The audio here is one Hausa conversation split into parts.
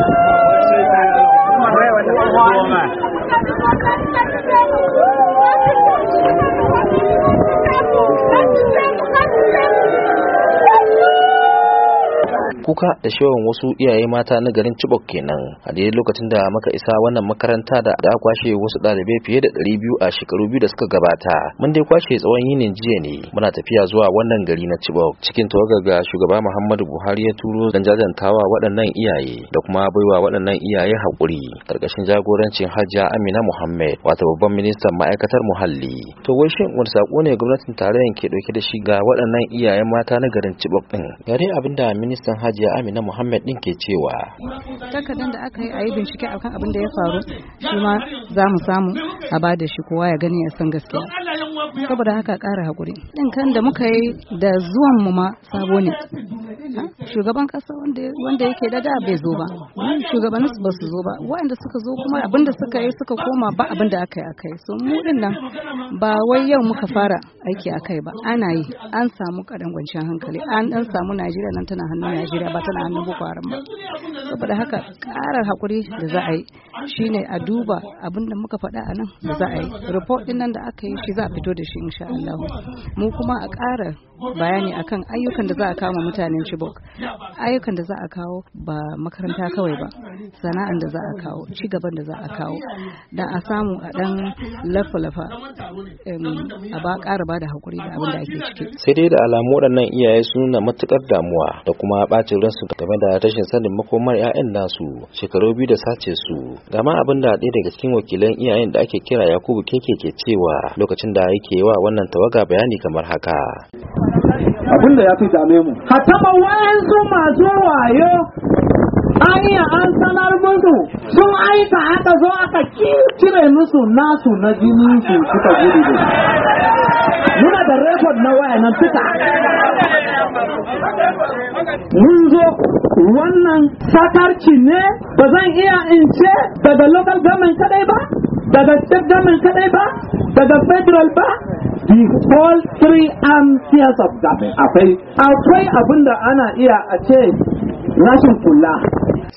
是是的，我们我们。kuka da shewan wasu iyaye mata na garin Chibok kenan a daidai lokacin da muka isa wannan makaranta da aka kwashe wasu ɗalibai fiye da ɗari biyu a shekaru biyu da suka gabata mun dai kwashe tsawon yinin jiya ne muna tafiya zuwa wannan gari na Chibok cikin tawagar ga shugaba Muhammadu Buhari ya turo dan jajantawa waɗannan iyaye da kuma baiwa waɗannan iyaye haƙuri karkashin jagorancin hajja Amina Muhammad wato babban ministan ma'aikatar muhalli to wai shin wani sako ne gwamnatin tarayyar ke dauke da shi ga waɗannan iyaye mata na garin Chibok din yare abinda ministan hajji hajiya amina muhammad din ke cewa takardar da aka yi a yi bincike akan abin da ya faru shi ma za mu samu a ba da shi kowa ya gani ya san gaskiya saboda haka ƙara hakuri din kan da muka yi da zuwan mu ma sabo ne shugaban kasa wanda yake da da bai zo ba shugabannin ba su zo ba waɗanda suka zo kuma abin da suka yi suka koma ba abin da aka yi aka yi so mu din nan ba wai yau muka fara aiki akai ba ana yi an samu kadan kwanciyar hankali an dan samu Najeriya nan tana hannun Najeriya ba tana hannun boko haram ba saboda haka karar hakuri da za a yi shine a duba abin da muka faɗa a nan da za a yi report din nan da aka yi shi za a fito da shi insha Allah mu kuma a ƙara bayani akan ayyukan da za a kama mutanen Chibok ayyukan da za a kawo ba makaranta kawai ba sana'an da za a kawo ci gaban da za a kawo da a samu a dan lafa-lafa a ba ƙara ba da hakuri da abin da ake ciki sai dai da alamu waɗannan iyaye sun nuna matuƙar damuwa da kuma ɓaci. su game da rashin sanin makomar 'ya'yan nasu shekaru biyu da sace su gama abin da ɗaya daga cikin wakilan iyayen da ake kira yakubu keke ke cewa lokacin da yake wa wannan tawaga bayani kamar haka abin da ya fi dame mu ka taɓa wayansu masu wayo hanyar an sanar musu sun aika aka zo aka cire musu nasu na jini su suka gudu da rekod na waya nan fita mun zo wannan satarci ne ba zan iya in ce daga local government kadai ba daga state government kadai ba daga federal ba the whole three arm of government akwai akwai abinda ana iya a ce rashin kula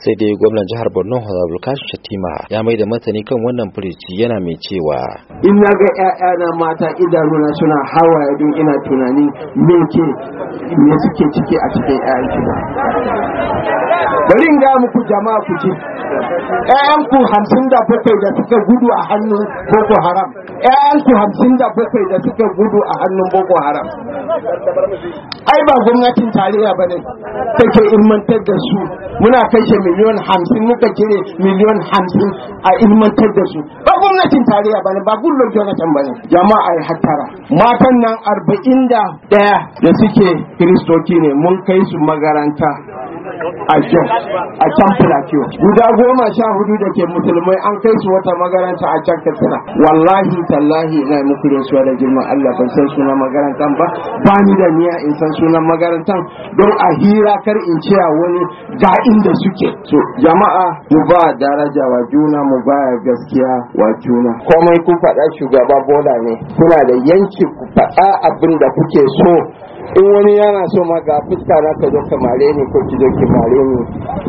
sai dai gwamnan jihar borno honorable kashi shatima ya mai da martani kan wannan firici yana mai cewa in na ga ‘ya'yana mata idanuna suna hawaye don ina tunanin me ke me suke ciki a cikin ‘ya'yanki ba bari in ga muku jama'a ku ji ku hamsin da bakwai da suka gudu a hannun boko haram ku hamsin da bakwai da suka gudu a hannun boko haram ai ba gwamnatin tarayya ba ne take ilmantar da su muna kashe miliyon hamsin muka kire miliyon hamsin a ilmantar da su ba gwamnatin tarayya ne ba gullon jonathan ne. jama'a ya hattara matan nan arba'in da ɗaya da suke kiristoci ne mun kai su magaranta a Jos a can Plateau. Guda goma sha hudu da ke musulmai an kai su wata magaranta a can Katsina. Wallahi tallahi ina muku da suwa da girman Allah ban san sunan magarantan ba ba ni da niya in san sunan magarantan don a hira kar in a wani ga inda suke. So jama'a mu ba daraja wa juna mu ba gaskiya wa juna. Komai kun faɗa shugaba bola ne kuna da yanki ku faɗa abin da kuke so in wani yana so ma ga fuska na ka zo kamare mare ko ki zo ki ne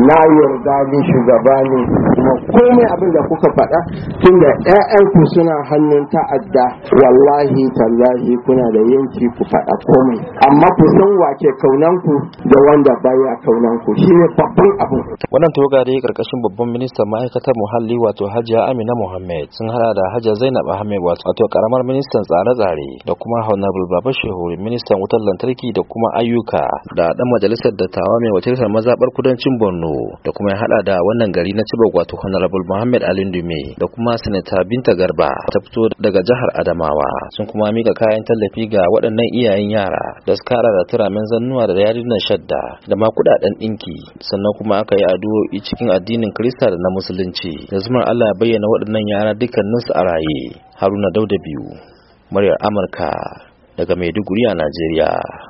na yarda ni shugaba ne kuma komai abin da kuka faɗa Tunda da ƴaƴanku suna hannun ta'adda wallahi tallahi kuna da yanki ku faɗa komai amma ku san wake kaunanku da wanda baya kaunanku shine babban abu wannan toga dai karkashin babban ministan ma'aikatar muhalli wato Hajiya Amina Muhammad sun hada da Hajiya Zainab Ahmed wato karamar ministan tsare-tsare da kuma Honorable Baba Shehuri ministan wutar lantarki da kuma ayyuka da dan majalisar dattawa mai wakiltar mazabar kudancin Borno da kuma ya hada da wannan gari na Chibok wato wato honorable Muhammad Ali Dume da kuma sanata Binta Garba ta fito daga jihar Adamawa sun kuma mika kayan tallafi ga waɗannan iyayen yara da suka da turamin zannuwa da yarinan shadda da ma kuɗaɗen ɗinki sannan kuma aka yi addu'o'i cikin addinin Kirista da na Musulunci da zuma Allah ya bayyana waɗannan yara dukkaninsu a raye Haruna Dauda biyu muryar Amurka daga Maiduguri a Najeriya